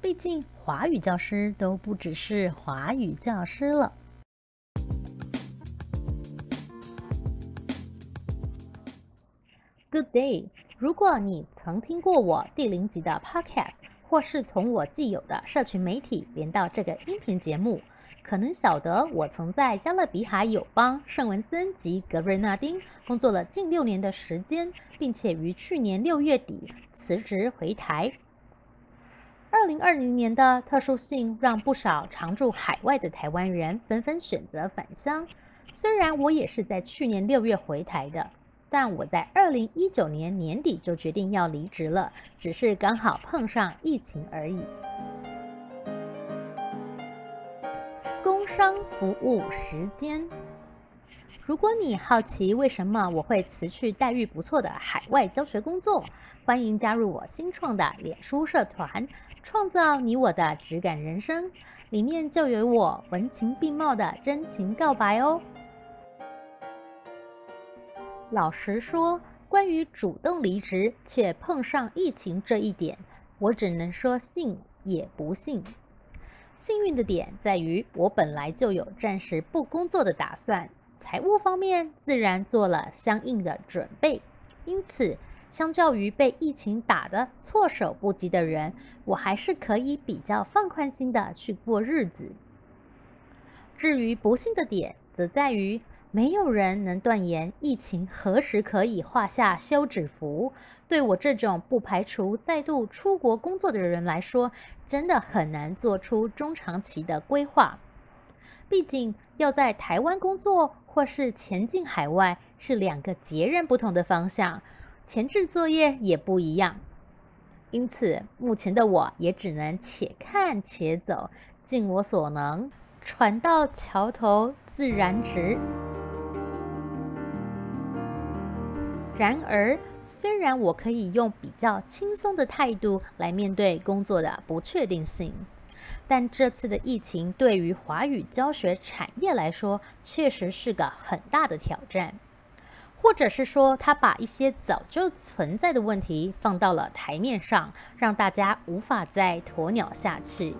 畢竟，華語教師都不只是華語教師了。Good day，如果你曾聽過我第零集的 podcast，或是從我既有的社群媒體連到這個音頻節目，可能曉得我曾在加勒比海友邦聖文森及格瑞那丁工作了近六年的時間，並且於去年六月底辭職回台。二零二零年的特殊性讓不少常駐海外的台灣人紛紛選擇返鄉。雖然我也是在去年六月回台的，但我在二零一九年年底就決定要離職了，只是剛好碰上疫情而已。工商服務時間。如果你好奇為什麼我會辭去待遇不錯的海外教學工作，歡迎加入我新創的臉書社團“創造你我的質感人生”，裡面就有我文情並茂的真情告白哦。老實說，關於主動離職卻碰上疫情這一點，我只能說幸也不幸。幸運的點在於，我本來就有暫時不工作的打算。財務方面自然做了相應的準備，因此相較於被疫情打得措手不及的人，我還是可以比較放寬心的去過日子。至於不幸的點，則在於沒有人能斷言疫情何時可以畫下休止符。對我這種不排除再度出國工作的人來說，真的很難做出中長期的規劃。畢竟要在台灣工作，或是前進海外是兩個截然不同的方向，前置作業也不一樣，因此目前的我也只能且看且走，盡我所能，船到橋頭自然直。然而，雖然我可以用比較輕鬆的態度來面對工作的不確定性。但這次的疫情對於華語教學產業來說，確實是個很大的挑戰，或者是說，它把一些早就存在的問題放到了檯面上，讓大家無法再鴕鳥下去。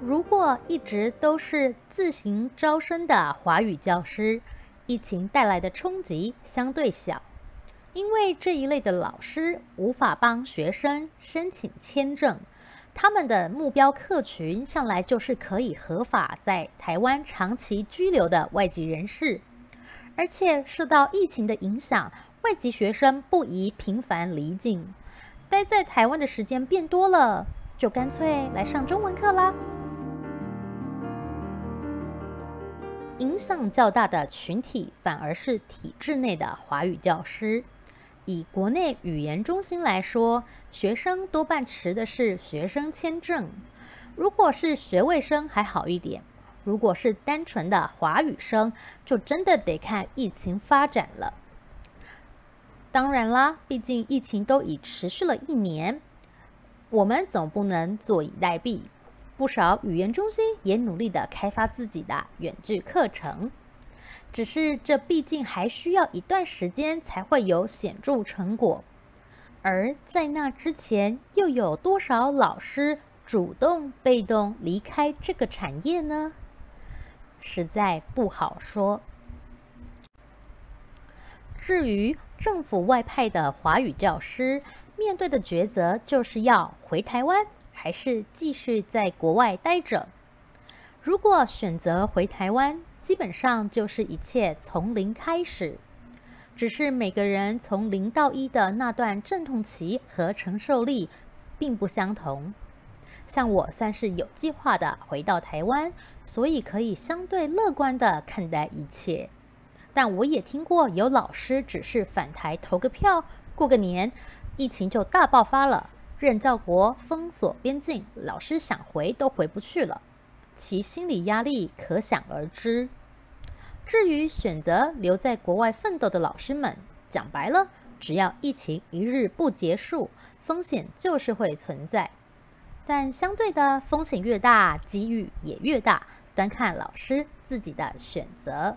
如果一直都是自行招生的華語教師，疫情帶來的衝擊相對小。因為這一類的老師無法幫學生申請簽證，他們的目標客群向來就是可以合法在台灣長期居留的外籍人士，而且受到疫情的影響，外籍學生不宜頻繁離境，待在台灣的時間變多了，就乾脆來上中文課啦。影響較大的群體反而是體制內的華語教師。以國內語言中心來說，學生多半持的是學生簽證。如果是學位生還好一點，如果是單純的華語生，就真的得看疫情發展了。當然啦，畢竟疫情都已持續了一年，我們總不能坐以待斃。不少語言中心也努力地開發自己的遠距課程。只是這畢竟還需要一段時間才會有顯著成果，而在那之前，又有多少老師主動、被動離開這個產業呢？實在不好說。至於政府外派的華語教師，面對的抉擇就是要回台灣，還是繼續在國外待着？如果選擇回台灣，基本上就是一切從零開始，只是每個人從零到一的那段陣痛期和承受力並不相同。像我算是有計劃的回到台灣，所以可以相對樂觀的看待一切。但我也聽過有老師只是返台投個票、過個年，疫情就大爆發了，任教國封鎖邊境，老師想回都回不去了。其心理壓力可想而知。至於選擇留在國外奮鬥的老師們，講白了，只要疫情一日不結束，風險就是會存在。但相對的，風險越大，機遇也越大，端看老師自己的選擇。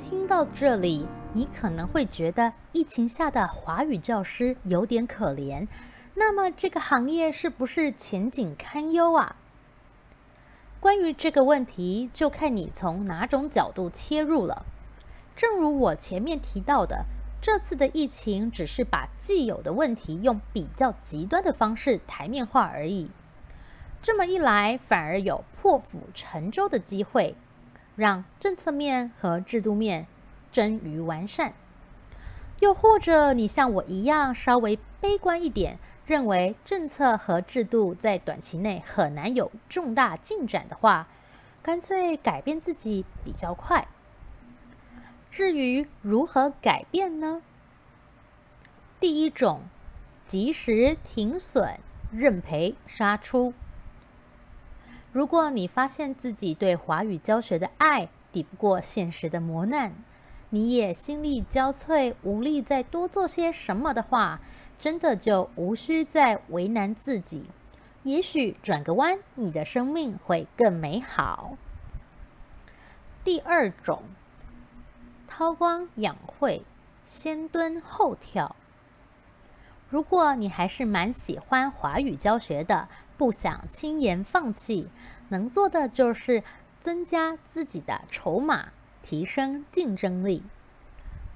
聽到這裡，你可能會覺得疫情下的華語教師有點可憐。那麼這個行業是不是前景堪憂啊？關於這個問題，就看你從哪種角度切入了。正如我前面提到的，這次的疫情只是把既有的問題用比較極端的方式台面化而已。這麼一來，反而有破釜沉舟的機會，讓政策面和制度面臻於完善。又或者，你像我一樣稍微悲觀一點。認為政策和制度在短期內很難有重大進展的話，乾脆改變自己比較快。至於如何改變呢？第一種，及時停損、認賠、殺出。如果你發現自己對華語教學的愛抵不過現實的磨難，你也心力交瘁，無力再多做些什麼的話。真的就無需再為難自己，也許轉個彎，你的生命會更美好。第二種，韜光養晦，先蹲後跳。如果你還是蠻喜歡華語教學的，不想輕言放棄，能做的就是增加自己的籌碼，提升競爭力。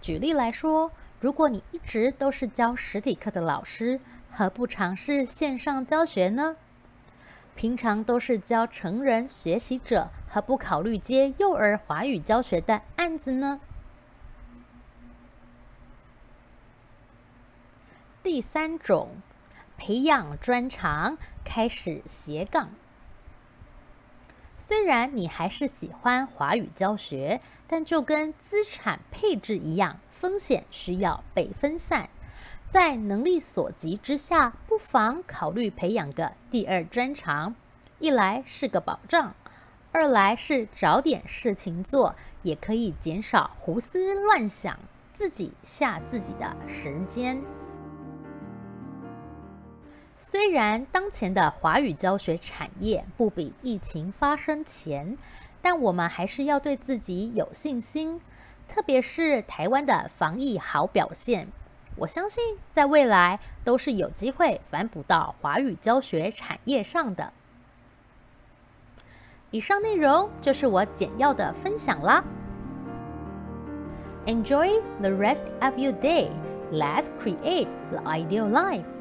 舉例來說。如果你一直都是教實體課的老師，何不嘗試線上教學呢？平常都是教成人學習者，何不考慮接幼兒華語教學的案子呢？第三種，培養專長，開始斜槓。雖然你還是喜歡華語教學，但就跟資產配置一樣。風險需要被分散，在能力所及之下，不妨考慮培養個第二專長，一來是個保障，二來是找點事情做，也可以減少胡思亂想，自己嚇自己的時間。雖然當前的華語教學產業不比疫情發生前，但我們還是要對自己有信心。特別是台灣的防疫好表現，我相信在未來都是有機會反哺到華語教學產業上的。以上內容就是我簡要的分享啦。Enjoy the rest of your day. Let's create the ideal life.